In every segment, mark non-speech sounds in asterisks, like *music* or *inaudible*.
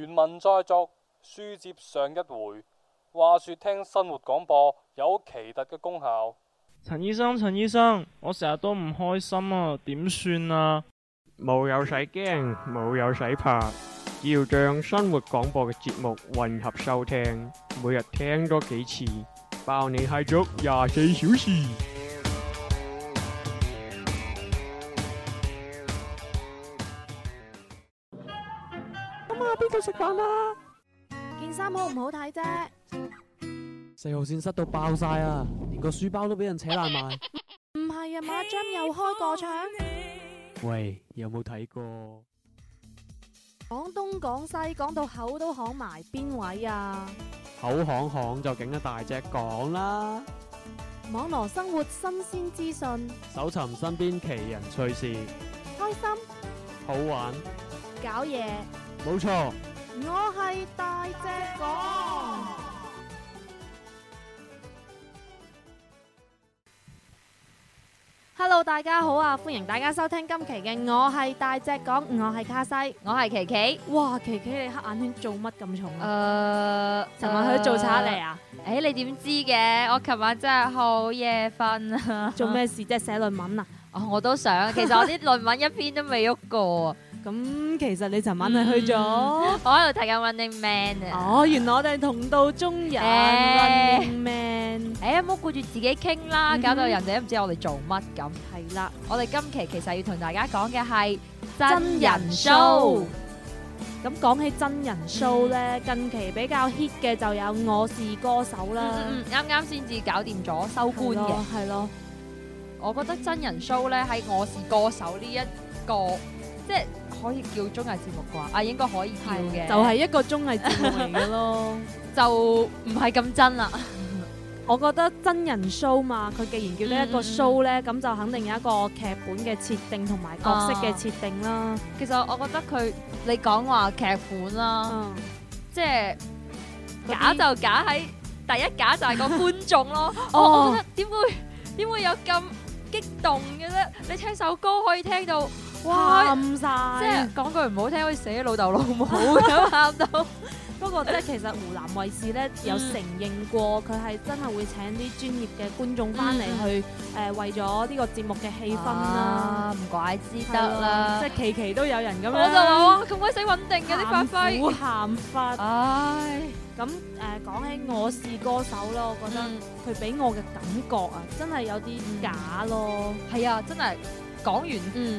原文再續，書接上一回。話說聽生活廣播有奇特嘅功效。陳醫生，陳醫生，我成日都唔開心啊，點算啊？冇有使驚，冇有使怕。要將生活廣播嘅節目混合收聽，每日聽多幾次，包你嗨足廿四小時。食飯啦！飯件衫好唔好睇啫？四號線塞到爆晒啊！連個書包都俾人扯爛埋。唔係啊，馬將又開過場。喂，有冇睇過？廣東廣西講到口都響埋，邊位啊？口響響就敬一大隻講啦。網絡生活新鮮資訊，搜尋身邊奇人趣事，開心，好玩，搞嘢，冇錯。我係大隻講，Hello，大家好啊，歡迎大家收聽今期嘅我係大隻講，我係卡西，我係琪琪。哇，琪琪你黑眼圈做乜咁重 uh, uh, 啊？誒，琴晚去做差利嚟啊？誒，你點知嘅？我琴晚真係好夜瞓啊！ *laughs* 做咩事？即係寫論文啊、 *laughs* 哦？我都想，其實我啲論文一篇都未喐過。咁其實你尋晚係去咗？我喺度睇緊 Running Man 啊！哦，原來我哋同道中人 Running Man。誒，唔好顧住自己傾啦，搞到人哋都唔知我哋做乜咁。係啦，我哋今期其實要同大家講嘅係真人 show。咁講起真人 show 咧，近期比較 hit 嘅就有《我是歌手》啦，啱啱先至搞掂咗收官嘅，係咯。我覺得真人 show 咧喺《我是歌手》呢一個即係。可以叫綜藝節目啩？啊，應該可以叫嘅、嗯，就係、是、一個綜藝節目嘅咯， *laughs* 就唔係咁真啦。 *laughs* 我覺得真人 show 嘛，佢既然叫呢一個 show 咧，咁、嗯、就肯定有一個劇本嘅設定同埋角色嘅設定啦、啊。其實我覺得佢，你講話劇本啦，嗯、即係假就假喺第一，假就係個觀眾咯。 *laughs* 哦哦、我覺得點會點會有咁激動嘅咧？你聽首歌可以聽到。哇咁晒！即係講句唔好聽，可以死咗老豆老母咁喊到。不過即係其實湖南衞視咧有承認過，佢係真係會請啲專業嘅觀眾翻嚟去誒、um. 呃，為咗呢個節目嘅氣氛啦，唔、ah, *noise* 怪之得啦，即係期期都有人咁樣。 *noise* 我就話咁鬼死穩定嘅啲發揮。苦喊法！唉 campus .、ah,。咁誒、呃、講起我是歌手啦，我覺得佢俾我嘅感覺啊，真係有啲假咯。係 *noise* 啊，真係。 *noise* Ninja ame 講完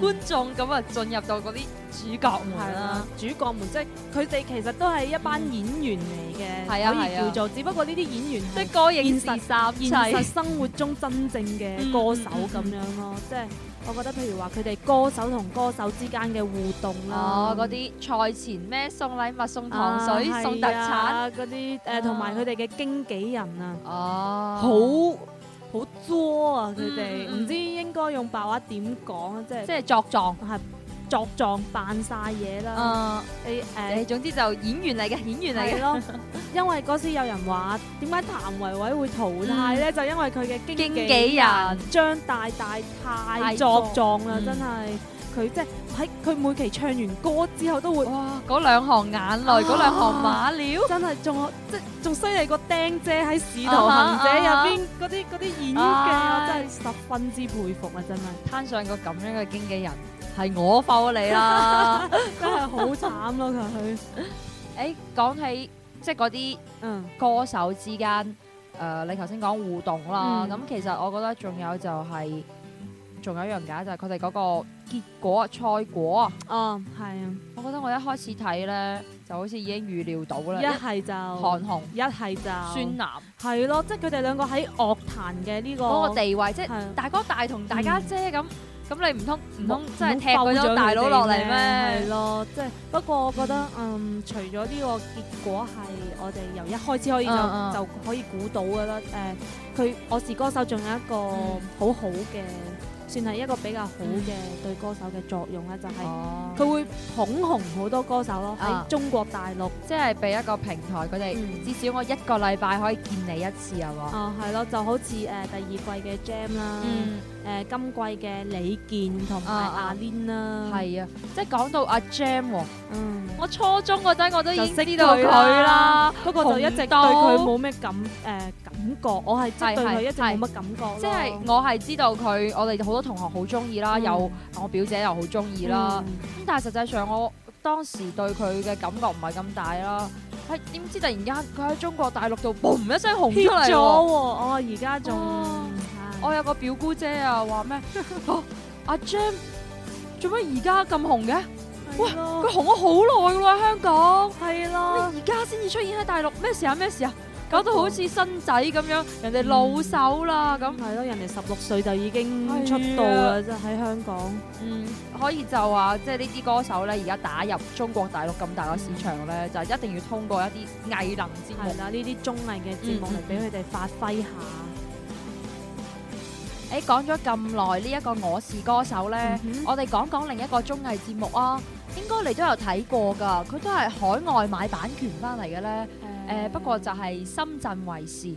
觀眾咁啊，進入到嗰啲主角們啦，主角們即係佢哋其實都係一班演員嚟嘅，可以叫做，只不過呢啲演員即係歌影視集，現實生活中真正嘅歌手咁樣咯。即係我覺得，譬如話佢哋歌手同歌手之間嘅互動咯，嗰啲賽前咩送禮物、送糖水、送特產嗰啲，誒，同埋佢哋嘅經紀人啊，好。好作啊！佢哋，唔知應該用白話點講啊，即係即係作狀係作狀扮晒嘢啦。誒誒，呃哎哎、總之就演員嚟嘅演員嚟嘅。咯 *laughs* 因為嗰時有人話點解譚維維會淘汰咧？嗯、就因為佢嘅經紀人張大大太作狀啦，嗯、真係。佢即係喺佢每期唱完歌之後都會哇嗰兩行眼淚、嗰兩行馬尿，真係仲即係仲犀利過釘姐喺《使徒行者》入邊嗰啲嗰啲演技，我真係十分之佩服啊！真係攤上個咁樣嘅經紀人，係我浮你啦，真係好慘咯！佢誒，講起即係嗰啲嗯歌手之間誒，你頭先講互動啦，咁其實我覺得仲有就係。仲有一樣㗎，就係佢哋嗰個結果、賽果啊！嗯，係啊，我覺得我一開始睇咧，就好似已經預料到啦。一係就韓紅，一係就孫楠，係咯，即係佢哋兩個喺樂壇嘅呢個嗰個地位，即係大哥大同大家姐咁。咁你唔通唔通即係踢咗大佬落嚟咩？係咯，即係不過我覺得嗯，除咗呢個結果係我哋由一開始可以就就可以估到嘅啦。誒，佢我是歌手仲有一個好好嘅。算係一個比較好嘅對歌手嘅作用咧，就係佢會捧紅好多歌手咯喺、啊、中國大陸，即係俾一個平台佢哋，至少我一個禮拜可以見你一次係係啊喎！係咯，就好似誒、呃、第二季嘅 Jam 啦、嗯，誒、呃、今季嘅李健同埋阿 Lin 啦，係啊，啊，啊，啊，即係講到阿、啊、Jam 喎、啊，嗯、我初中嗰陣我都認識到佢啦，不過就一直對佢冇咩感誒，呃呃點覺？我係絕對係一啲冇乜感覺。即係我係知道佢，我哋好多同學好中意啦，有我表姐又好中意啦。咁但係實際上我當時對佢嘅感覺唔係咁大啦。係點知突然間佢喺中國大陸度，boom 一聲紅出嚟。hit 咗。我，而家仲，我有個表姑姐啊，話咩？阿 Jam，做咩而家咁紅嘅？哇，佢紅咗好耐噶喎，香港。係啦。你而家先至出現喺大陸？咩事啊？咩事啊？搞到好似新仔咁樣，人哋老手啦咁。係咯、嗯樣，人哋十六歲就已經出道啦，即喺、啊、香港。嗯，可以就話，即係呢啲歌手咧，而家打入中國大陸咁大嘅市場咧，嗯、就一定要通過一啲藝能節目啦，呢啲綜藝嘅節目嚟俾佢哋發揮下。誒、嗯，講咗咁耐呢一個我是歌手咧，嗯、哼我哋講講另一個綜藝節目啊。應該你都有睇過㗎，佢都係海外買版權翻嚟嘅咧。誒不過就係深圳衞視誒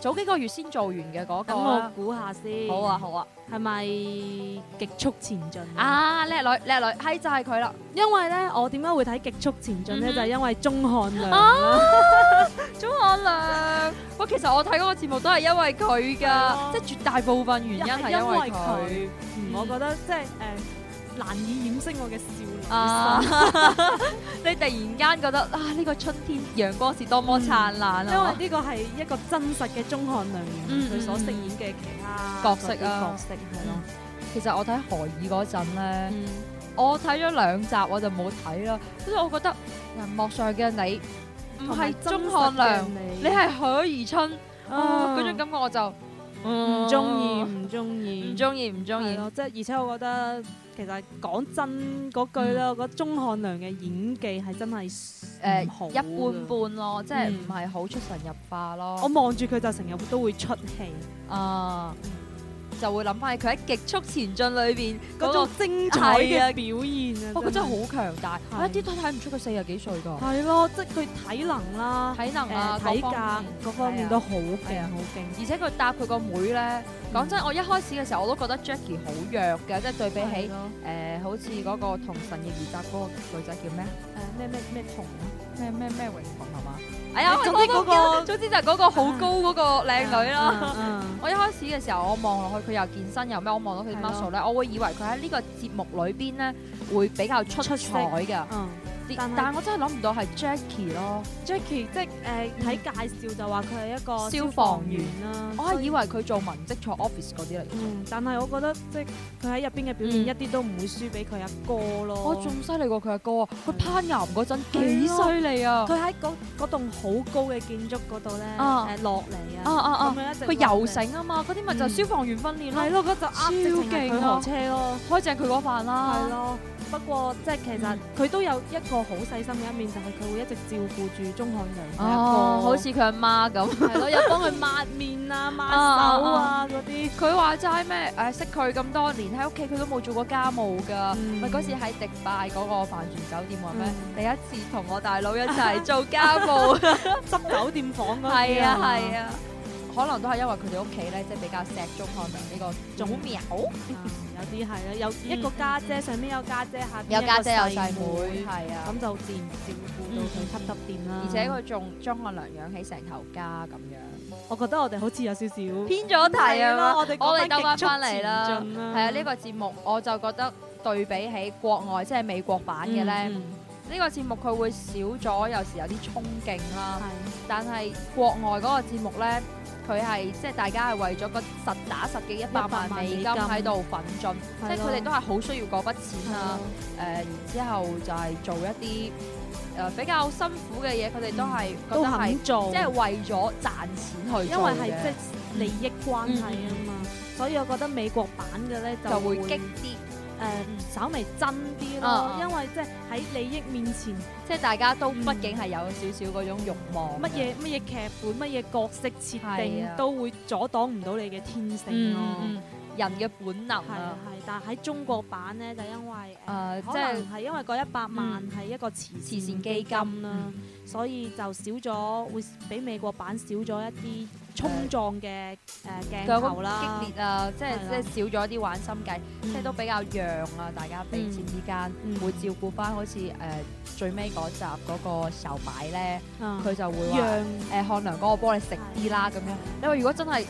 早幾個月先做完嘅嗰個。咁我估下先。好啊好啊，係咪《極速前進》啊？叻女叻女，係就係佢啦。因為咧，我點解會睇《極速前進》咧？就係因為鍾漢良啦。鍾漢良，我其實我睇嗰個節目都係因為佢㗎，即係絕大部分原因係因為佢。嗯，我覺得即係誒難以掩飾我嘅笑。啊！你突然間覺得啊，呢個春天陽光是多麼燦爛啊！因為呢個係一個真實嘅鍾漢良，佢所飾演嘅其他角色啊，角色係咯。其實我睇何以嗰陣咧，我睇咗兩集我就冇睇啦，因為我覺得銀幕上嘅你唔係鍾漢良，你係何以琛。啊，嗰種感覺我就唔中意，唔中意，唔中意，唔中意。即係而且我覺得。其實講真嗰句啦，嗯、我覺得鍾漢良嘅演技係真係誒、呃、好一般般咯，嗯、即係唔係好出神入化咯。我望住佢就成日都會出戲啊。嗯就會諗翻佢喺《極速前進》裏邊嗰種精彩嘅表現啊！哇、啊，佢真係的好、哦、強大，一、啊、啲都睇唔出佢四十幾歲噶。係咯、啊，即係佢體能啦、體能啊體格各方面，各方面都好勁，好勁、啊！啊、而且佢搭佢個妹咧，講真，我一開始嘅時候我都覺得 Jackie 好弱嘅，即、就、係、是、對比起誒、啊呃，好似嗰個《同神嘅二搭》嗰個女仔叫咩？誒咩咩咩彤。咩咩咩泳服係嘛？哎呀，哎總之嗰、那個，總之就嗰個好高嗰個靚女啦、嗯。嗯，嗯 *laughs* 我一開始嘅時候我望落去，佢又健身又咩，我望到佢啲 muscle 咧，嗯，我會以為佢喺呢個節目裏邊咧會比較出彩㗎。嗯。但係我真係諗唔到係 Jackie 咯，Jackie 即係誒睇介紹就話佢係一個消防員啦。我係以為佢做文職坐 office 嗰啲嚟嘅。但係我覺得即係佢喺入邊嘅表現一啲都唔會輸俾佢阿哥咯。我仲犀利過佢阿哥，佢攀岩嗰陣幾犀利啊！佢喺嗰嗰棟好高嘅建築嗰度咧，誒落嚟啊，佢游繩啊嘛，嗰啲咪就消防員訓練咯。係咯，咁就超勁啊！佢學車咯，開正佢嗰瓣啦。不過，即係其實佢都有一個好細心嘅一面，就係佢會一直照顧住鐘漢良。哦，好似佢阿媽咁，係咯，又幫佢抹面啊、抹手啊嗰啲。佢話齋咩？誒識佢咁多年，喺屋企佢都冇做過家務㗎。咪嗰次喺迪拜嗰個帆船酒店話咩？第一次同我大佬一齊做家務，執酒店房嗰啲。係啊係啊，可能都係因為佢哋屋企咧，即係比較錫鐘漢良呢個祖苗。啲係啊，有一個家姐，上面，有家姐，下邊有家姐，有細妹，係啊，咁就自然照顧到佢吸得掂啦。而且佢仲將阿娘養起成頭家咁樣，我覺得我哋好似有少少偏咗題啊！我哋我哋兜翻翻嚟啦，係啊，呢個節目我就覺得對比起國外即係美國版嘅咧，呢個節目佢會少咗有時有啲衝勁啦。但係國外嗰個節目咧。佢係即係大家係為咗個實打實嘅一百萬美金喺度奮進，即係佢哋都係好需要嗰筆錢的啦！誒，然之後就係做一啲誒比較辛苦嘅嘢，佢哋都係、嗯、都肯做，即係為咗賺錢去，因為係即利益關係啊嘛，嗯、所以我覺得美國版嘅咧就，就會激啲。誒、呃，稍微真啲咯，啊、因為即係喺利益面前，即係大家都畢竟係有少少嗰種慾望，乜嘢乜嘢劇本，乜嘢角色設定，嗯、都會阻擋唔到你嘅天性咯，嗯嗯、人嘅本能啊。係，但係喺中國版咧，就因為誒，呃就是、可能係因為嗰一百萬係一個慈善基金啦，金嗯、所以就少咗，會比美國版少咗一啲。衝撞嘅誒鏡頭啦，激烈啊！即係即係少咗啲玩心計，即係都比較讓啊！大家彼此之間會照顧翻，好似誒最尾嗰集嗰個手擺咧，佢就會讓誒漢良嗰個幫你食啲啦，咁樣。因為如果真係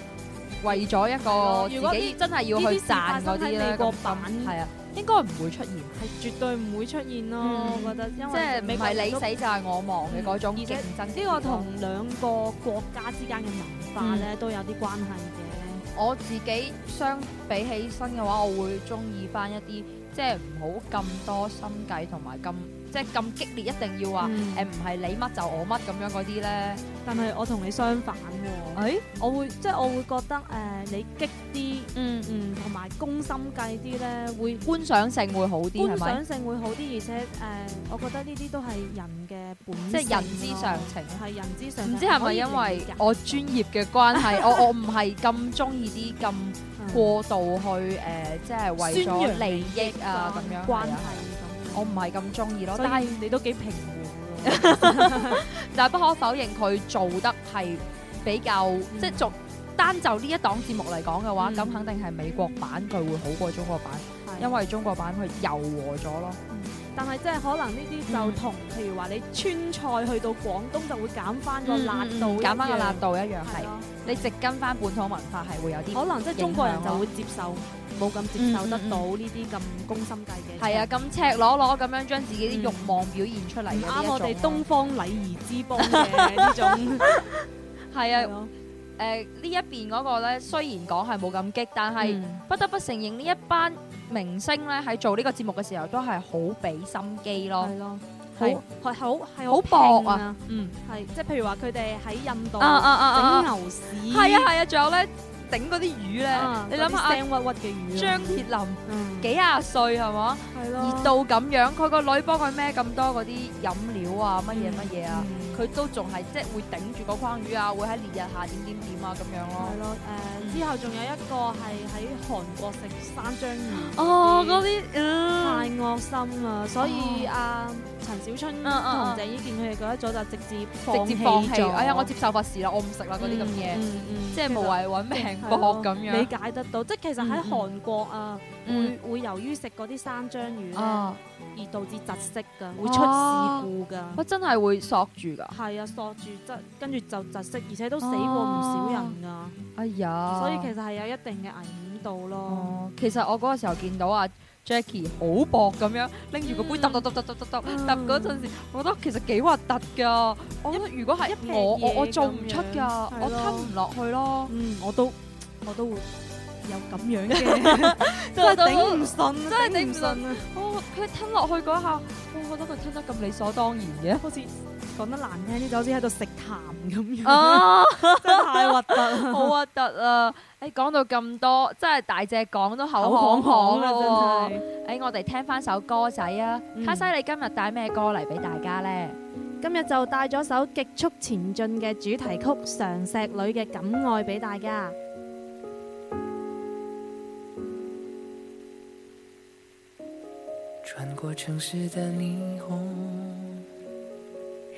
為咗一個自己真係要去賺嗰啲咧，係啊，應該唔會出現，係絕對唔會出現咯。我覺得，即係唔係你死就係我亡嘅嗰種競爭呢個同兩個國家之間嘅問題。化咧、嗯、都有啲關係嘅，我自己相比起身嘅話，我會中意翻一啲即係唔好咁多心計同埋咁。即係咁激烈，一定要話誒唔係你乜就我乜咁樣嗰啲咧？但係我同你相反喎。誒，我會即係我會覺得誒你激啲，嗯嗯，同埋攻心計啲咧會觀賞性會好啲，觀賞性會好啲，而且誒，我覺得呢啲都係人嘅本，即係人之常情，係人之常情。唔知係咪因為我專業嘅關係，我我唔係咁中意啲咁過度去誒，即係為咗利益啊咁樣關係。我唔係咁中意咯，以但係是你都幾平和。 *laughs* *laughs* 但係不可否認佢做得係比較即係、嗯、做單就呢一檔節目嚟講嘅話，咁、嗯、肯定係美國版佢會好過中國版，嗯、因為中國版佢柔和咗咯。嗯但係，即係可能呢啲就同、嗯、譬如話，你川菜去到廣東就會減翻個辣度，減翻個辣度一樣係。嗯、你直跟翻本土文化係會有啲可能，即係中國人就會接受冇咁、嗯、接受得到呢啲咁攻心計嘅、嗯。係、嗯、啊，咁赤裸裸咁樣將自己啲欲望表現出嚟。啱、嗯、我哋東方禮儀之邦嘅呢種係啊。誒呢一邊嗰個咧，雖然講係冇咁激，但係不得不承認呢一班。明星咧喺做呢個節目嘅時候都係好俾心機咯，係咯，係好係好搏啊，嗯，係，即係譬如話佢哋喺印度啊啊啊整牛屎，係啊係啊，仲有咧整嗰啲魚咧，你諗下聲鬱鬱嘅魚，張鐵林幾廿歲係嘛？係咯，熱到咁樣，佢個女幫佢孭咁多嗰啲飲料啊乜嘢乜嘢啊。佢都仲係即係會頂住個框魚啊，會喺烈日下點點點啊咁樣咯、啊。係咯，誒 *noise* *noise* 之後仲有一個係喺韓國食生章魚。哦，嗰啲嗯太惡心啦，所以啊。 *noise* 陳小春同啊，鄭伊健佢哋覺得咗就直接直接放棄，哎呀，我接受法事啦，我唔食啦嗰啲咁嘢，即係無謂揾命搏咁樣。理解得到，即係其實喺韓國啊，會會由於食嗰啲生章魚咧，而導致窒息噶，會出事故噶，哇，真係會索住噶。係啊，索住即跟住就窒息，而且都死過唔少人噶。哎呀，所以其實係有一定嘅危險度咯。其實我嗰個時候見到啊。Jacky 好薄咁樣拎住個杯揼揼揼揼揼揼揼揼嗰陣時，我覺得其實幾核突噶，因為如果係一我我我做唔出噶，我吞唔落去咯。嗯，我都我都會有咁樣嘅，真係頂唔順，真係頂唔順啊！哇，佢吞落去嗰下，我覺得佢吞得咁理所當然嘅，好似～講得難聽啲，就好似喺度食痰咁樣，真係太核突，好核突啊！誒，講到咁多，真係大隻講都口行行啊！真係，誒，我哋聽翻首歌仔啊！卡西你今日帶咩歌嚟俾大家呢？今日就帶咗首《極速前進》嘅主題曲《常石磊》嘅《敢愛》俾大家。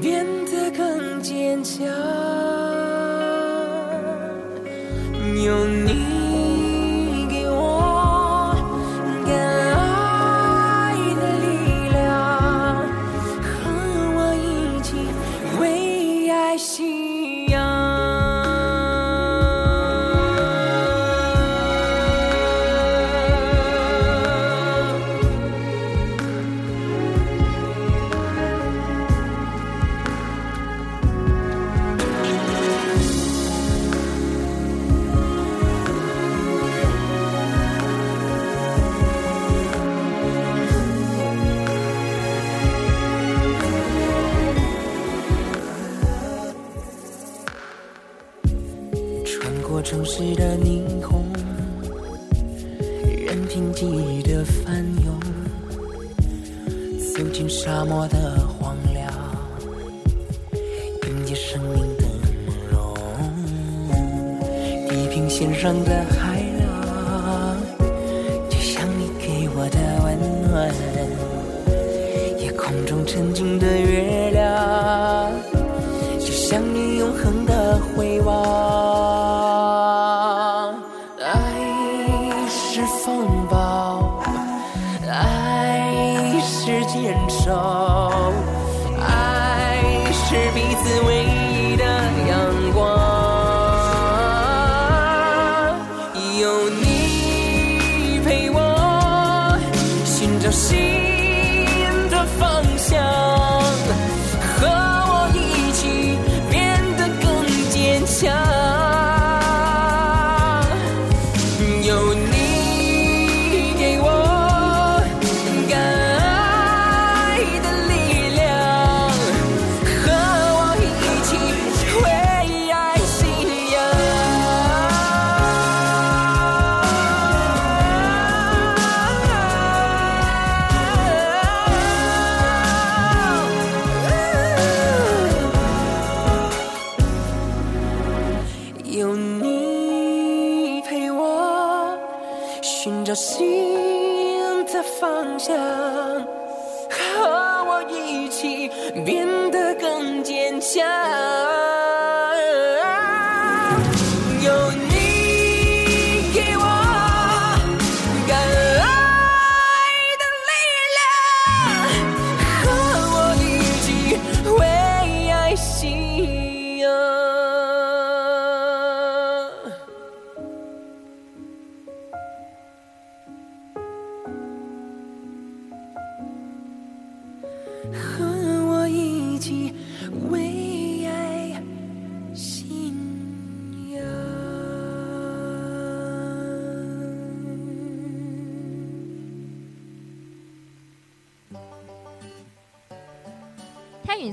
變得更堅強，有你。上的海浪，就像你給我的溫暖。夜空中沉靜的月。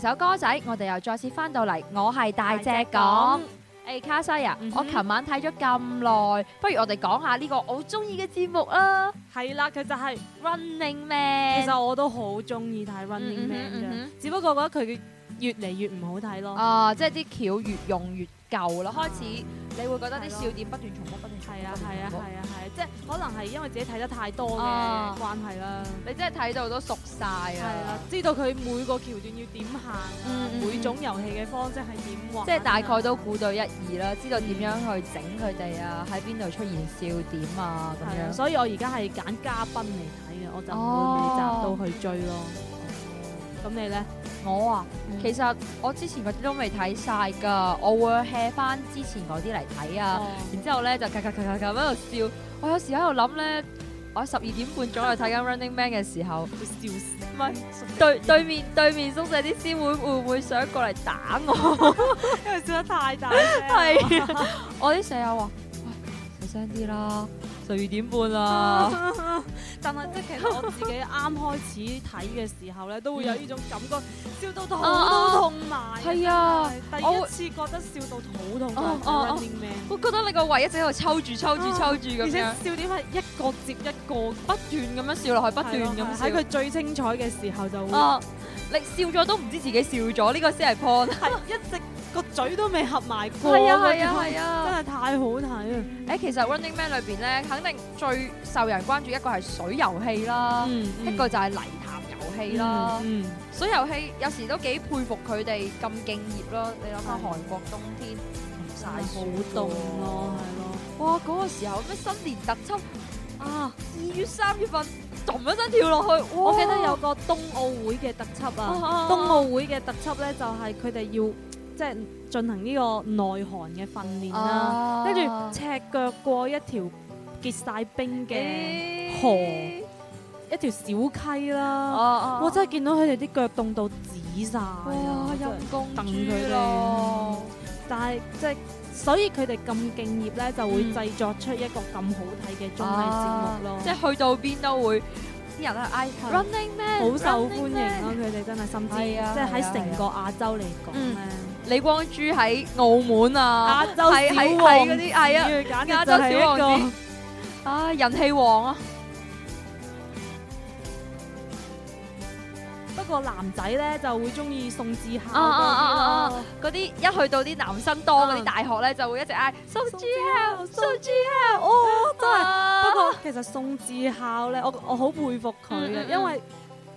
有歌仔，我哋又再次翻到嚟。我係大隻講，誒、欸、卡西啊，嗯、哼，我琴晚睇咗咁耐，不如我哋講下呢個我中意嘅節目啦。係啦，佢就係 Running Man。其實我都好中意睇 Running Man 嘅，嗯嗯、只不過我覺得佢越嚟越唔好睇咯。啊，即係啲橋越用越舊啦，開始。你會覺得啲笑點不斷重複，不斷係啊係啊係啊係啊，即係可能係因為自己睇得太多嘅關係啦。你真係睇到都熟晒啊，係啊，知道佢每個橋段要點行，每種遊戲嘅方式係點玩，即係大概都估到一二啦，知道點樣去整佢哋啊，喺邊度出現笑點啊咁樣。所以我而家係揀嘉賓嚟睇嘅，我就唔會攤到去追咯。咁你咧？我啊，嗯、其實我之前嗰啲都未睇晒㗎，我會 hea 翻之前嗰啲嚟睇啊。Uh. 然之後咧就咔咔咔咔咁喺度笑。我有時喺度諗咧，我十二點半左右睇緊 Running Man 嘅時候會笑死。唔係，對對面對面宿舍啲師妹會唔會，會想過嚟打我？因為笑得太大聲。係 *laughs* 啊， *laughs* 我啲舍友話，喂，細聲啲啦。十二點半啊！但係即係其實我自己啱開始睇嘅時候咧，都會有呢種感覺，笑到肚都痛埋。係啊，第一次覺得笑到肚痛，我覺得你個胃一直喺度抽住、抽住、抽住咁，笑點係一個接一個，不斷咁樣笑落去，不斷咁，喺佢最精彩嘅時候就會。你笑咗都唔知自己笑咗，呢個先係 point。一隻。個嘴都未合埋過，係啊係啊係啊，真係太好睇啊！誒，其實 Running Man 裏邊咧，肯定最受人關注一個係水遊戲啦，一個就係泥潭遊戲啦。水遊戲有時都幾佩服佢哋咁敬業咯。你諗下韓國冬天晒好凍咯，係咯。哇，嗰個時候咩新年特輯啊，二月三月份就咁一聲跳落去。我記得有個冬奧會嘅特輯啊，冬奧會嘅特輯咧就係佢哋要。即係進行呢個耐寒嘅訓練啦，跟住、啊啊、赤腳過一條結晒冰嘅河，哎、一條小溪啦，啊、我真係見到佢哋啲腳凍到紫晒，等佢哋，但係即係所以佢哋咁敬業咧，就會製作出一個咁好睇嘅綜藝節目咯、嗯啊，即係去到邊都會啲人咧，好受歡迎咯。佢哋 Man 真係甚至，即係喺成個亞洲嚟講咧。嗯李光洙喺澳門啊，亞洲小王啊。亞洲小王子啊，人氣王啊。不過男仔咧就會中意宋智孝，嗰啲一去到啲男生多嗰啲大學咧就會一直嗌宋智孝，宋智孝，哦，真係。不過其實宋智孝咧，我我好佩服佢，因為。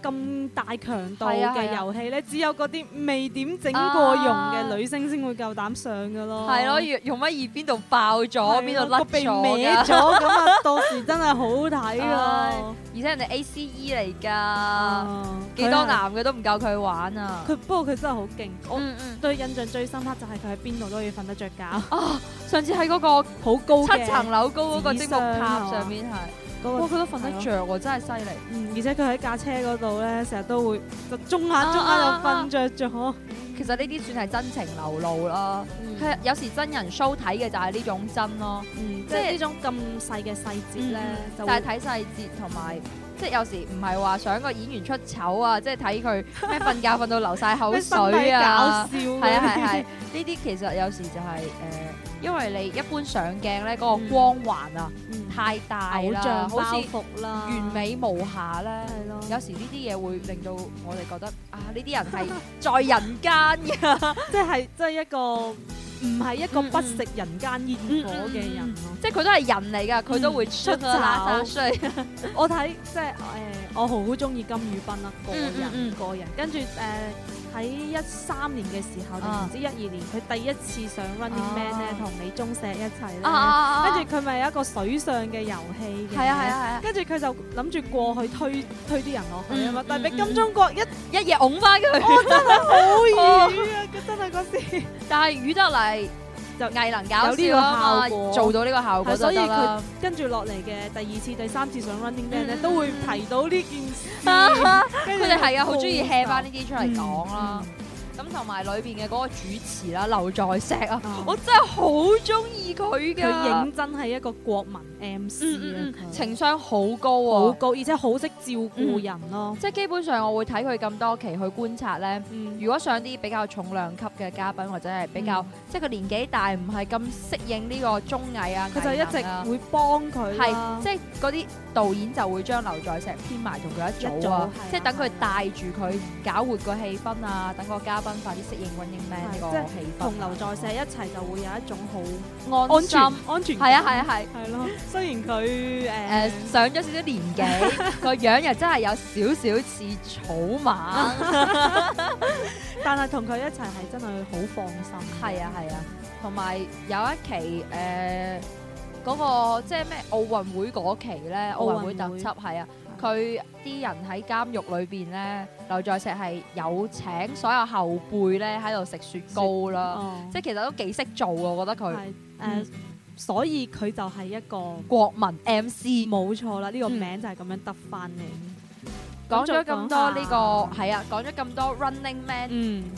咁大強度嘅遊戲咧，只有嗰啲未點整過容嘅女星先會夠膽上噶咯。係咯，容乜易邊度爆咗，邊度甩咗嘅。咁啊，到時真係好睇啊！而且人哋 A C E 嚟噶，幾多男嘅都唔夠佢玩啊！佢不過佢真係好勁，我對印象最深刻就係佢喺邊度都要瞓得着覺。啊，上次喺嗰個好高七層樓高嗰個積木塔上面、啊、係。我佢、哦、都瞓得着喎，了真係犀利。嗯，而且佢喺架車嗰度咧，成日都會就睜下睜、啊、下就瞓着咗。其實呢啲算係真情流露啦。嗯，佢有時真人 show 睇嘅就係呢種真咯。嗯，就是、即係呢種咁細嘅細節咧，嗯、就但係睇細節同埋。即係有時唔係話想個演員出醜啊，即係睇佢咩瞓覺瞓到流晒口水啊，係啊係，呢啲 *laughs* *laughs* 其實有時就係、是、誒、呃，因為你一般上鏡咧嗰個光環啊、嗯嗯、太大啦，包袱啦，完美無瑕啦，係咯啦，啦有時呢啲嘢會令到我哋覺得啊，呢啲人係在人間嘅， *laughs* *laughs* 即係即係一個。唔係一個不食人間煙火嘅人，即係佢都係人嚟㗎，佢、嗯、都會出醜。所以我睇即係誒、呃，我好中意金宇彬啊。個人、嗯嗯嗯、個人，跟住誒。呃喺一三年嘅時候就唔知一二年，佢、uh. 第一次上 Running Man 咧、uh.，同李鍾碩一齊咧，跟住佢咪有一個水上嘅遊戲。係啊係啊係啊！跟住佢就諗住過去推推啲人落去啊嘛，mm hmm. 但係俾金鐘國一、mm hmm. 一夜拱翻佢。哇、 *laughs* 哦！真係好易啊！真係嗰時， *laughs* *laughs* 但係雨得嚟。就藝能搞笑、啊，有呢個效果、啊、做到呢個效果，所以佢跟住落嚟嘅第二次、第三次上 Running Man 咧，嗯、都會提到呢件事。佢哋係啊，好中意 share 翻呢啲出嚟講啦。咁同埋裏邊嘅個主持啦，劉在錫啊，啊啊我真係好中意。佢嘅認真係一個國民 MC，嗯嗯嗯，情商好高啊，好高，對，而且好識照顧人咯。啊嗯。即係基本上我會睇佢咁多期去觀察咧，嗯，如果上啲比較重量級嘅嘉賓或者係比較即係佢年紀大唔係咁適應呢個綜藝啊，佢就一直會幫佢，啊，係即係啲。導演就會將劉在石編埋同佢一組，即係等佢帶住佢搞活個氣氛啊，等個嘉賓快啲適應 Running Man 呢個氣氛。同劉在石一齊就會有一種好安心、安全。係啊係啊係。係咯，雖然佢誒上咗少少年紀，個樣又真係有少少似草蜢，但係同佢一齊係真係好放心。係啊係啊，同埋有一期誒。嗰個即係咩奧運會嗰期咧，奧運會特輯係啊，佢啲人喺監獄裏邊咧，劉在石係有請所有後輩咧喺度食雪糕啦，即係其實都幾識做啊，我覺得佢誒，所以佢就係一個國民 MC，冇錯啦，呢個名就係咁樣得翻嚟。講咗咁多呢個係啊，講咗咁多 Running Man，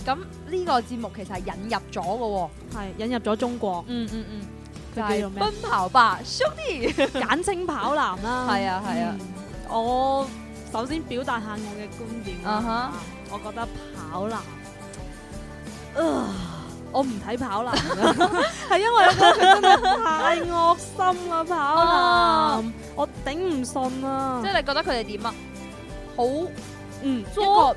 咁呢個節目其實係引入咗嘅喎，係引入咗中國，嗯嗯嗯。就係奔跑吧，兄弟，簡稱跑男啦。係啊係啊，我首先表達下我嘅觀點啊哈。我覺得跑男，我唔睇跑男，係因為我覺得佢太惡心啦，跑男，我頂唔順啊。即係你覺得佢哋點啊？好，嗯，一個。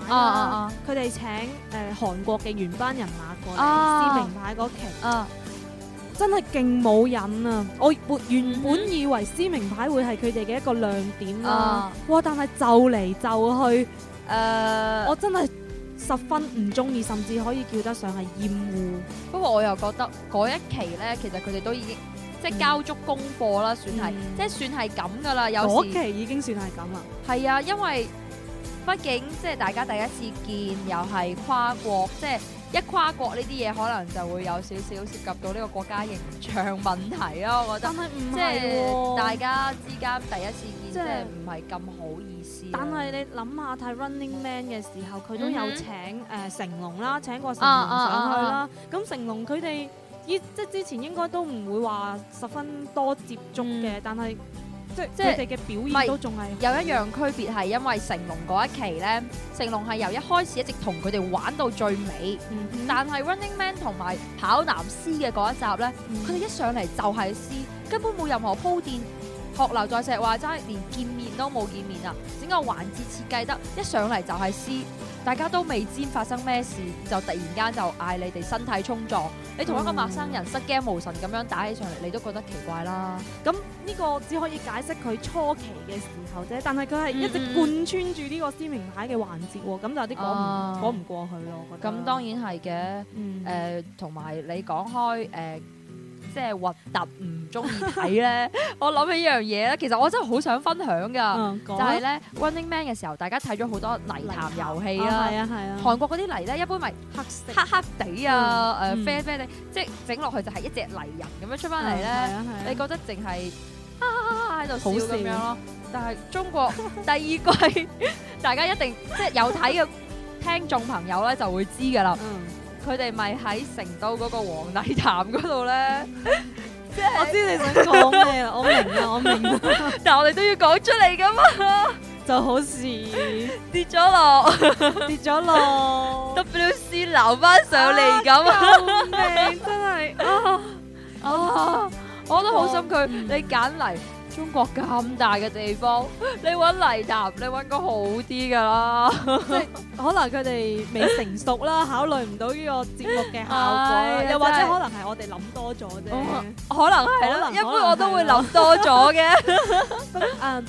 啊啊啊！佢哋、uh, uh, uh, 請誒韓、uh, 國嘅原班人馬過嚟撕、uh, uh, uh, 名牌嗰期，uh, 真係勁冇癮啊！我原本以為撕名牌會係佢哋嘅一個亮點啊，uh, uh, 哇！但係就嚟就去誒，uh, 我真係十分唔中意，甚至可以叫得上係厭惡。不過我又覺得嗰一期咧，其實佢哋都已經即係交足功課啦，算係、um, um, 即係算係咁噶啦。有期已經算係咁啦，係啊，因為。畢竟即係大家第一次見，又係跨國，即係一跨國呢啲嘢，可能就會有少少涉及到呢個國家形象問題咯。我覺得，即係大家之間第一次見，即係唔係咁好意思。但係你諗下睇 Running Man 嘅時候，佢都有請誒成龍啦，嗯、哼請過成龍上去啦。咁成龍佢哋依即係之前應該都唔會話十分多接觸嘅，嗯、但係。即係佢哋嘅表現是都仲係有一樣區別，係因為成龍嗰一期呢，成龍係由一開始一直同佢哋玩到最尾。嗯嗯、但係 Running Man 同埋跑男撕嘅嗰一集呢，佢哋、嗯、一上嚟就係撕，根本冇任何鋪墊。學流在石話齋真係連見面都冇見面啊！整個環節設計得一上嚟就係撕，大家都未知發生咩事，就突然間就嗌你哋身體沖撞，你同一個陌生人失驚無神咁樣打起上嚟，你都覺得奇怪啦。咁呢、嗯、個只可以解釋佢初期嘅時候啫，但係佢係一直貫穿住呢個撕名牌嘅環節，咁就有啲講唔講唔過去咯。咁、嗯、當然係嘅，誒、嗯，同埋、呃、你講開誒。呃即係核突唔中意睇咧， *laughs* 我諗起呢樣嘢咧，其實我真係好想分享噶， *laughs* 就係咧 Running Man 嘅時候，大家睇咗好多泥潭遊戲啦，係啊係啊，韓、啊啊、國嗰啲泥咧一般咪黑黑黑地啊，誒啡啡地，即係整落去就係一隻泥人咁樣出翻嚟咧。嗯啊啊啊、你覺得淨係喺度笑咁 *laughs* 樣咯？但係中國第二季， *laughs* *laughs* 大家一定即係有睇嘅聽眾朋友咧就會知噶啦。嗯佢哋咪喺成都嗰個黃泥潭嗰度咧，即係我知你想講咩啦，我明啦，我明啦，但係我哋都要講出嚟噶嘛，就好似跌咗落，跌咗落，WC 流翻上嚟咁啊！真係啊啊，我都好心佢，你揀嚟。中國咁大嘅地方，你揾黎達，你揾個好啲噶啦。可能佢哋未成熟啦，考慮唔到呢個節目嘅效果，又或者可能係我哋諗多咗啫。可能係咯，一般我都會諗多咗嘅。誒，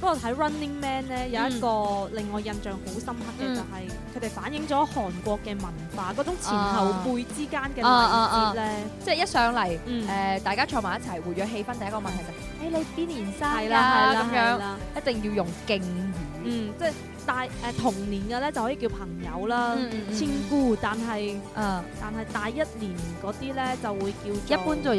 不過睇 Running Man 咧，有一個令我印象好深刻嘅就係佢哋反映咗韓國嘅文化，嗰種前後輩之間嘅連結咧，即係一上嚟誒，大家坐埋一齊，活躍氣氛，第一個問題就。誒，你邊年生㗎？係啦係啦，咁樣一定要用敬語，即係大誒同年嘅咧就可以叫朋友啦，親姑。但係，嗯，但係大一年嗰啲咧就會叫，一般就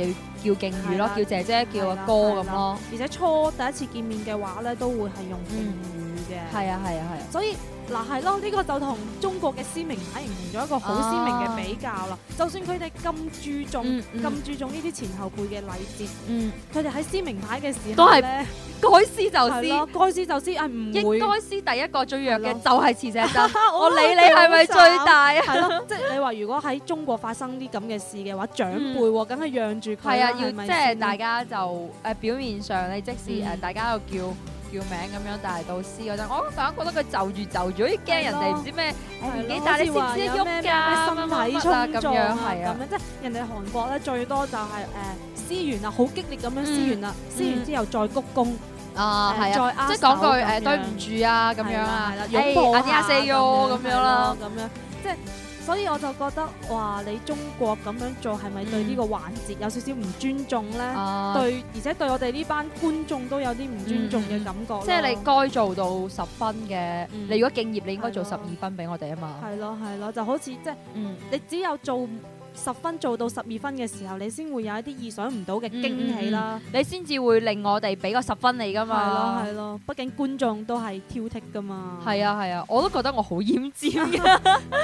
叫敬語咯，叫姐姐、叫阿哥咁咯。而且初第一次見面嘅話咧，都會係用敬語嘅。係啊，係啊，係啊。所以。嗱，係咯，呢個就同中國嘅撕名牌形成咗一個好鮮明嘅比較啦。就算佢哋咁注重、咁注重呢啲前後輩嘅禮節，嗯，佢哋喺撕名牌嘅時候都係，該撕就撕，該撕就撕，係唔會應該撕第一個最弱嘅就係池石鎮。我理你係咪最大啊？係咯，即係你話如果喺中國發生啲咁嘅事嘅話，長輩喎，梗係讓住佢，係啊，要即係大家就誒表面上你即使誒大家又叫。叫名咁樣，但係到撕嗰陣，我反而覺得佢就住就住，啲驚人哋唔知咩，年紀你唔知喐咩啊，咩身體衝撞咁樣係啊，咁樣即係人哋韓國咧最多就係誒撕完啦，好激烈咁樣撕完啦，撕完之後再鞠躬啊，係啊，即係講句誒對唔住啊咁樣啊，阿啲阿 Sir 咁樣啦，咁樣即係。所以我就覺得，哇！你中國咁樣做，係咪對呢個環節有少少唔尊重呢？啊、對，而且對我哋呢班觀眾都有啲唔尊重嘅感覺、嗯。即係你該做到十分嘅，嗯、你如果敬業，你應該做十二分俾我哋啊嘛。係咯，係咯，就好似即係，就是嗯、你只有做十分做到十二分嘅時候，你先會有一啲意想唔到嘅驚喜啦。嗯、你先至會令我哋俾個十分你噶嘛？係咯係咯，畢竟觀眾都係挑剔噶嘛。係啊係啊，我都覺得我好腌尖嘅。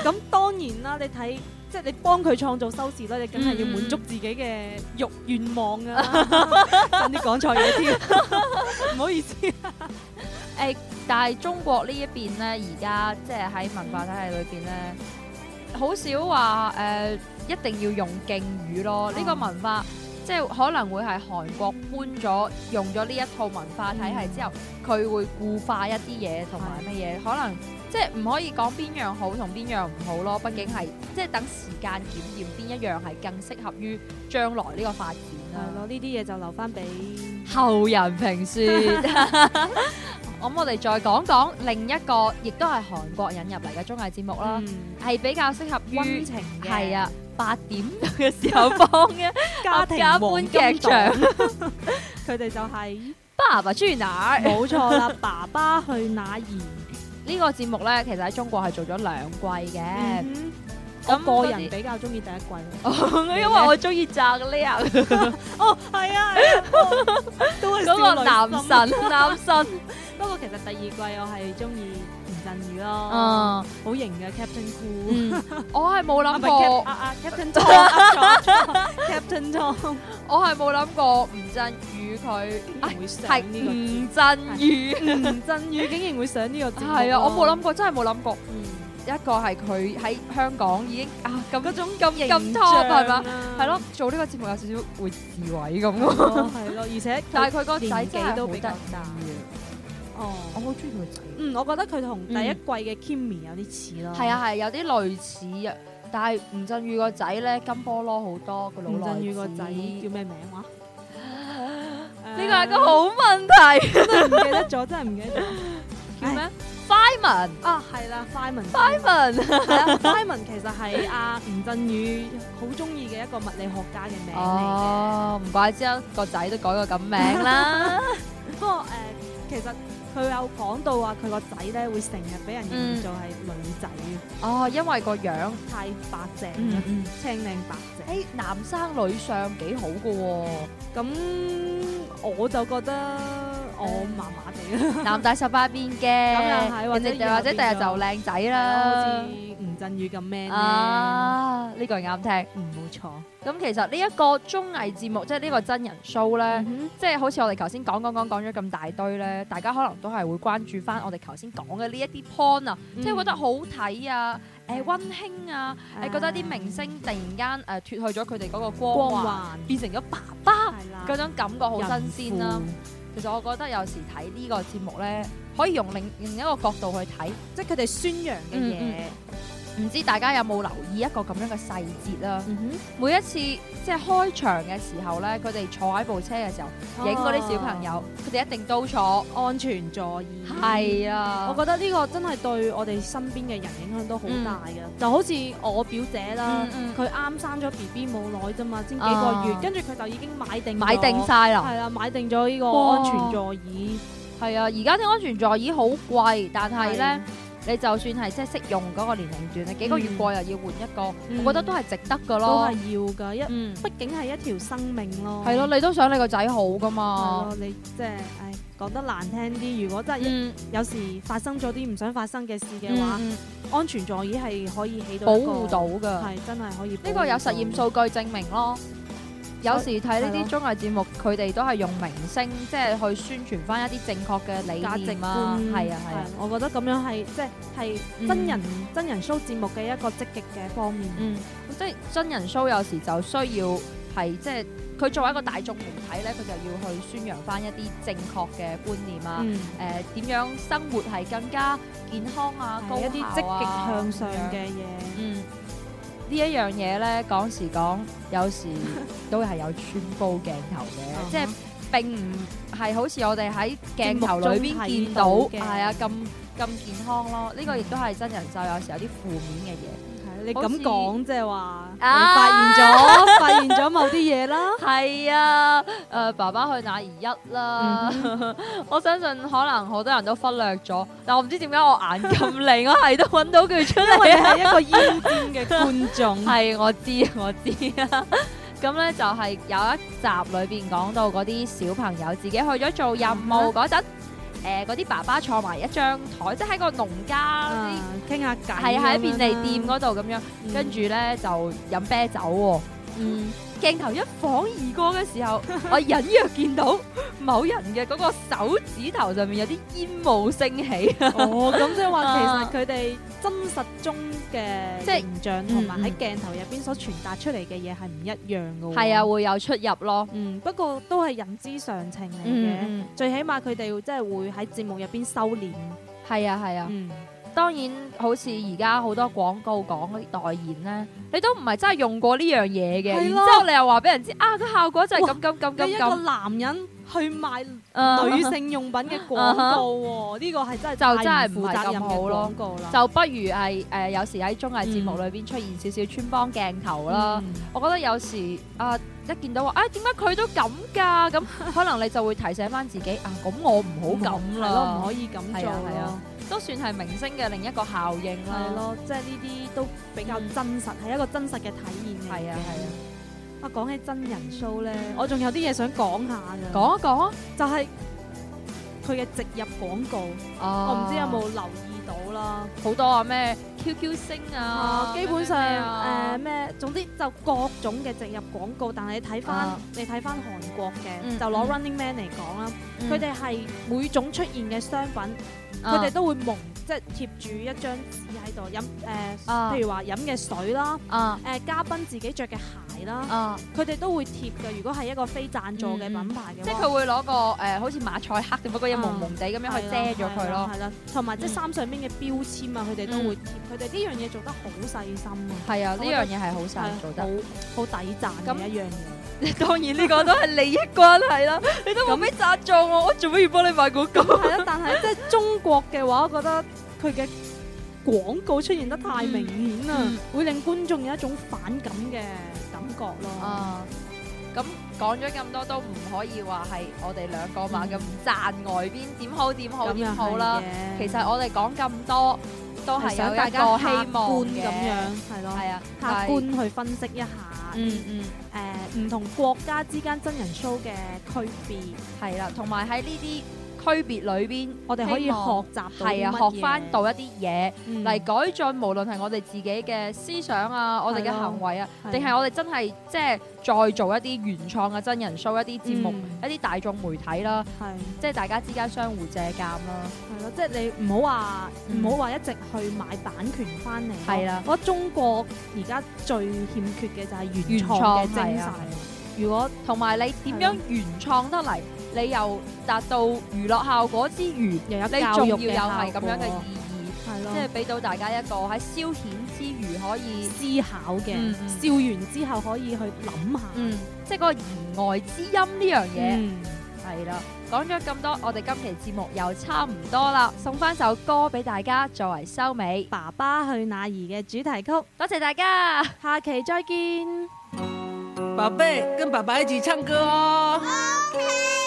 咁 *laughs* 當然啦，你睇即係你幫佢創造收視啦，你梗係要滿足自己嘅欲願望噶。真啲講錯嘢添，唔 *laughs* *laughs* *laughs* 好意思。誒、 *laughs* 欸，但係中國一邊呢一邊咧，而家即係喺文化體系裏邊咧，好少話誒。呃一定要用敬語咯，呢、啊、個文化即係可能會係韓國搬咗、嗯、用咗呢一套文化體系、嗯、之後，佢會固化一啲嘢同埋乜嘢，嗯、可能即係唔可以講邊樣好同邊樣唔好咯。畢竟係即係等時間檢驗邊一樣係更適合於將來呢個發展啊。係咯，呢啲嘢就留翻俾後人評說。咁、 *laughs* *laughs* 嗯、我哋再講講另一個亦都係韓國引入嚟嘅綜藝節目啦，係、嗯、比較適合溫情嘅啊。八點嘅時候放嘅家庭歡劇場，佢哋就係爸爸去哪兒，冇錯啦。爸爸去哪兒呢個節目咧，其實喺中國係做咗兩季嘅。我個人比較中意第一季，因為我中意扎咧。哦，係啊，嗰個男神男神。不過其實第二季我係中意。鎮宇咯，嗯，好型嘅 Captain Cool，我係冇諗過，啊啊 Captain Tom，我係冇諗過吳鎮宇佢會想呢個，係吳鎮宇，吳鎮宇竟然會想呢個，係啊，我冇諗過，真係冇諗過，嗯，一個係佢喺香港已經啊咁多種咁形象係嘛，係咯，做呢個節目有少少會自毀咁，係咯，而且但係佢個仔真係都比較大。哦，我好中意佢個仔。嗯，我覺得佢同第一季嘅 Kimi 有啲似啦。係啊係，有啲類似啊。但係吳鎮宇個仔咧，金菠蘿好多個老來。吳鎮宇個仔叫咩名話？呢個係個好問題，真係唔記得咗，真係唔記得咗。叫咩？Feynman 啊，係啦，Feynman，Feynman，Feynman 其實係阿吳鎮宇好中意嘅一個物理學家嘅名嚟嘅。哦，唔怪之得個仔都改個咁名啦。不過誒，其實。佢有講到話，佢個仔咧會成日俾人認做係女仔哦，因為個樣太白淨啦，嗯、青靚白淨。誒、哎，男生女相幾好噶喎？咁我就覺得我麻麻地啦，嗯、 *laughs* 男大十八變嘅，咁又係，或者又或者第日就靚仔啦。鎮宇咁 man？啊，呢、呢個啱聽，嗯冇錯。咁其實呢一個綜藝節目，即係呢個真人 show 咧、嗯哼，即係好似我哋頭先講講講講咗咁大堆咧，大家可能都係會關注翻我哋頭先講嘅呢一啲 point 啊、嗯，即係覺得好睇啊，誒溫馨啊，誒、嗯、覺得啲明星突然間誒脫去咗佢哋嗰個光環，光環變成咗爸爸，嗰了種感覺好新鮮啊。父其實我覺得有時睇呢個節目咧，可以用另另一個角度去睇，即係佢哋宣揚嘅嘢。嗯嗯唔知大家有冇留意一個咁樣嘅細節啦、啊？嗯、哼每一次即係開場嘅時候咧，佢哋坐喺部車嘅時候，影嗰啲小朋友，佢哋一定都坐安全座椅。係啊，我覺得呢個真係對我哋身邊嘅人影響都好大嘅。嗯、就好似我表姐啦，佢啱、嗯嗯、生咗 B B 冇耐啫嘛，先幾個月，跟住佢就已經買定買定曬啦。係啦，買定咗呢個安全座椅。係哇啊，而家啲安全座椅好貴，但係咧，你就算係即係識用嗰個年齡段，你幾個月過又要換一個，嗯、我覺得都係值得嘅咯。都係要㗎，一、嗯、畢竟係一條生命咯。係咯，你都想你個仔好㗎嘛？你即係誒講得難聽啲，如果真係、嗯、有時發生咗啲唔想發生嘅事嘅話，嗯、安全座椅係可以起到保護到㗎。係真係可以，呢個有實驗數據證明咯。有時睇呢啲綜藝節目，佢哋的都係用明星即係、就是、去宣傳翻一啲正確嘅理念、價值觀嘛，係啊，係啊，我覺得咁樣係即係係真人、嗯、真人 show 節目嘅一個積極嘅方面。嗯，嗯即係真人 show 有時就需要係即係佢作為一個大眾媒體咧，佢就要去宣揚翻一啲正確嘅觀念啊，誒點、嗯呃、樣生活係更加健康啊，的高啊一啲積極向上嘅嘢。嗯。呢一樣嘢咧，講時講有時都係有穿煲鏡頭嘅， *laughs* 即係並唔係好似我哋喺鏡頭裏邊見到，係啊，咁咁健康咯。呢個亦都係真人騷，有時有啲負面嘅嘢。你咁講即係話，像你發現咗、啊、發現咗某啲嘢啦，係啊，誒、呃，爸爸去哪兒一啦，嗯、 *laughs* 我相信可能好多人都忽略咗，但我唔知點解我眼咁靈，我係都搵到佢出嚟，係一個眼尖嘅觀眾，係我知我知啊，咁 *laughs* 咧就係有一集裏邊講到嗰啲小朋友自己去咗做任務嗰陣、嗯。誒嗰啲爸爸坐埋一張台，即係喺個農家傾下偈，係喺、啊、便利店嗰度咁樣，跟住咧就飲啤酒喎。嗯。鏡頭一晃而過嘅時候，我隱約見到某人嘅嗰個手指頭上面有啲煙霧升起。哦，咁即係話其實佢哋真實中嘅即係形象，同埋喺鏡頭入邊所傳達出嚟嘅嘢係唔一樣噶。係啊，會有出入咯。嗯，不過都係人之常情嚟嘅。嗯，最起碼佢哋即係會喺節目入邊收斂。係啊，係啊。嗯。當然，好似而家好多廣告講啲代言咧，你都唔係真係用過呢樣嘢嘅。的然之後你又話俾人知啊，個效果就係咁咁咁咁咁。哇樣一個男人去賣女性用品嘅廣告喎，呢、嗯、個係真係就真係唔係咁好咯。了就不如係誒、啊呃、有時喺綜藝節目裏邊出現少少穿幫鏡頭啦。嗯、我覺得有時啊，一見到話啊點解佢都咁㗎咁，可能你就會提醒翻自己啊，咁我唔好咁啦，唔、嗯、可以咁做係啊。都算係明星嘅另一個效應啦，係咯，即係呢啲都比較真實，係一個真實嘅體驗嚟嘅。係啊係啊，啊講起真人 show 咧，我仲有啲嘢想講下嘅。講一講，就係佢嘅植入廣告，我唔知有冇留意到啦。好多啊咩 QQ 星啊，基本上誒咩，總之就各種嘅植入廣告。但係你睇翻你睇翻韓國嘅，就攞 Running Man 嚟講啦，佢哋係每種出現嘅商品。佢哋都會蒙，即係貼住一張紙喺度飲誒、呃，譬如話飲嘅水啦，誒、呃呃、嘉賓自己着嘅鞋啦，佢哋都會貼嘅。如果係一個非贊助嘅品牌嘅、嗯，即係佢會攞個誒、嗯呃、好似馬賽克咁嗰一蒙蒙地咁樣去遮咗佢咯。係啦、嗯，同、嗯、埋、嗯嗯、即係衫上面嘅標籤啊，佢哋都會貼。佢哋呢樣嘢做得好細心啊。係啊、嗯，呢樣嘢係好細心做得，好抵讚嘅一樣嘢。當然呢個都係利益關係啦，你都冇咩贊助我，我做咩要幫你賣廣告？係啦，但係即係中國嘅話，我覺得佢嘅廣告出現得太明顯啦，會令觀眾有一種反感嘅感覺咯。啊，咁講咗咁多都唔可以話係我哋兩個買嘅，唔贊外邊點好點好點好啦。其實我哋講咁多都係希望大家客觀咁樣，係咯，客觀去分析一下。嗯嗯，誒、嗯、唔、呃、同國家之間真人 show 嘅區別係啦，同埋喺呢啲。區別裏邊，我哋可以學習係啊，學翻到一啲嘢嚟改進，無論係我哋自己嘅思想啊，我哋嘅行為啊，定係我哋真係即係再做一啲原創嘅真人 show，一啲節目，一啲大眾媒體啦，即係大家之間相互借鑑啦。係咯，即係你唔好話唔好話一直去買版權翻嚟。係啦，我覺得中國而家最欠缺嘅就係原創嘅精神。如果同埋你點樣原創得嚟？你又達到娛樂效果之餘，有你重要有係咁樣嘅意義，即係俾到大家一個喺消遣之餘可以思考嘅，笑、嗯、完之後可以去諗下，即係嗰個言外之音呢樣嘢，係啦、嗯。講咗咁多，我哋今期節目又差唔多啦，送翻首歌俾大家作為收尾，《爸爸去哪兒》嘅主題曲。多謝大家，下期再見。寶貝，跟爸爸一起唱歌哦。Okay.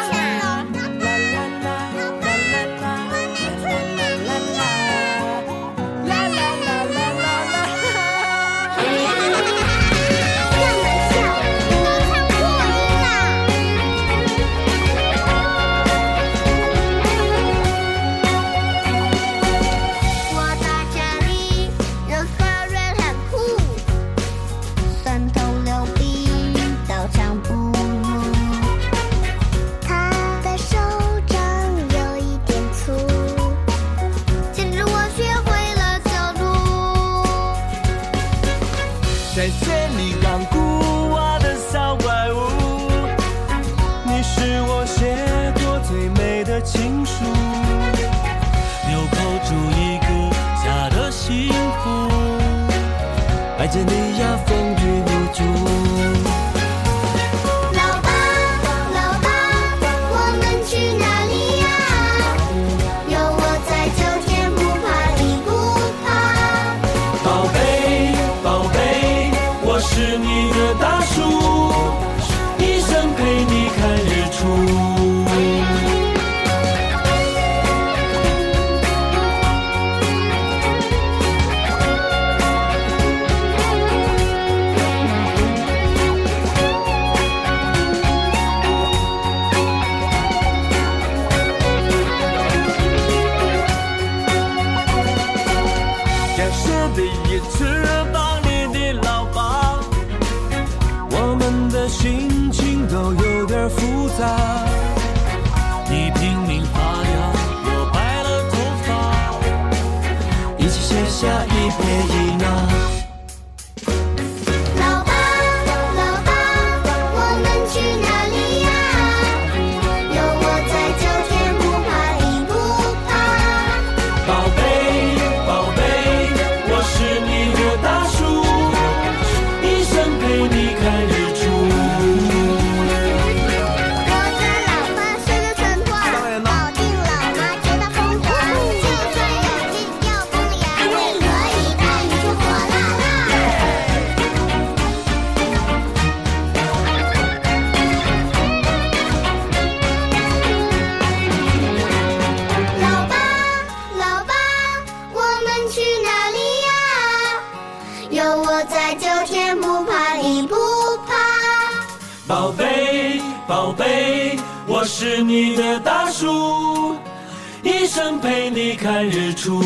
都有點複雜， *noise* 你拼命發芽，我白了頭髮， *noise* 一起寫下一撇一。 *noise* 是你的大樹，一生陪你看日出。